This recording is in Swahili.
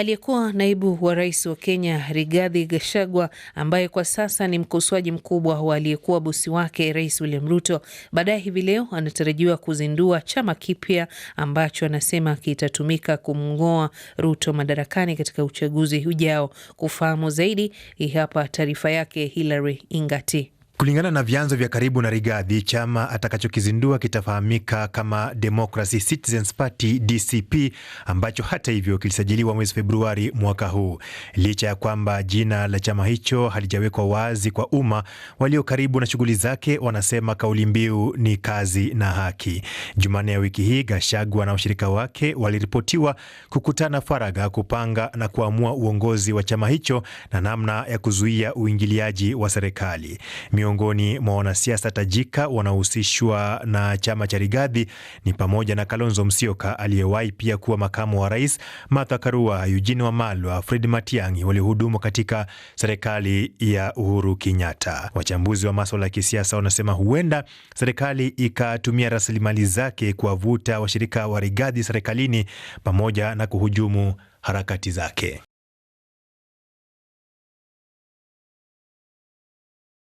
Aliyekuwa naibu wa rais wa Kenya Rigathi Gachagua, ambaye kwa sasa ni mkosoaji mkubwa wa aliyekuwa bosi wake Rais William Ruto, baadaye hivi leo anatarajiwa kuzindua chama kipya ambacho anasema kitatumika kumng'oa Ruto madarakani katika uchaguzi ujao. Kufahamu zaidi, hii hapa taarifa yake Hilary Ingati. Kulingana na vyanzo vya karibu na Rigathi, chama atakachokizindua kitafahamika kama Democracy Citizens Party DCP, ambacho hata hivyo kilisajiliwa mwezi Februari mwaka huu. Licha ya kwamba jina la chama hicho halijawekwa wazi kwa umma, walio karibu na shughuli zake wanasema kauli mbiu ni kazi na haki. Jumanne ya wiki hii, gashagwa na washirika wake waliripotiwa kukutana faraga kupanga na kuamua uongozi wa chama hicho na namna ya kuzuia uingiliaji wa serikali Mio miongoni mwa wanasiasa tajika wanaohusishwa na chama cha Rigathi ni pamoja na Kalonzo Musyoka aliyewahi pia kuwa makamu wa rais, Martha Karua, Eugene Wamalwa, Fred Matiang'i waliohudumu katika serikali ya Uhuru Kenyatta. Wachambuzi wa maswala ya kisiasa wanasema huenda serikali ikatumia rasilimali zake kuwavuta washirika wa Rigathi serikalini pamoja na kuhujumu harakati zake.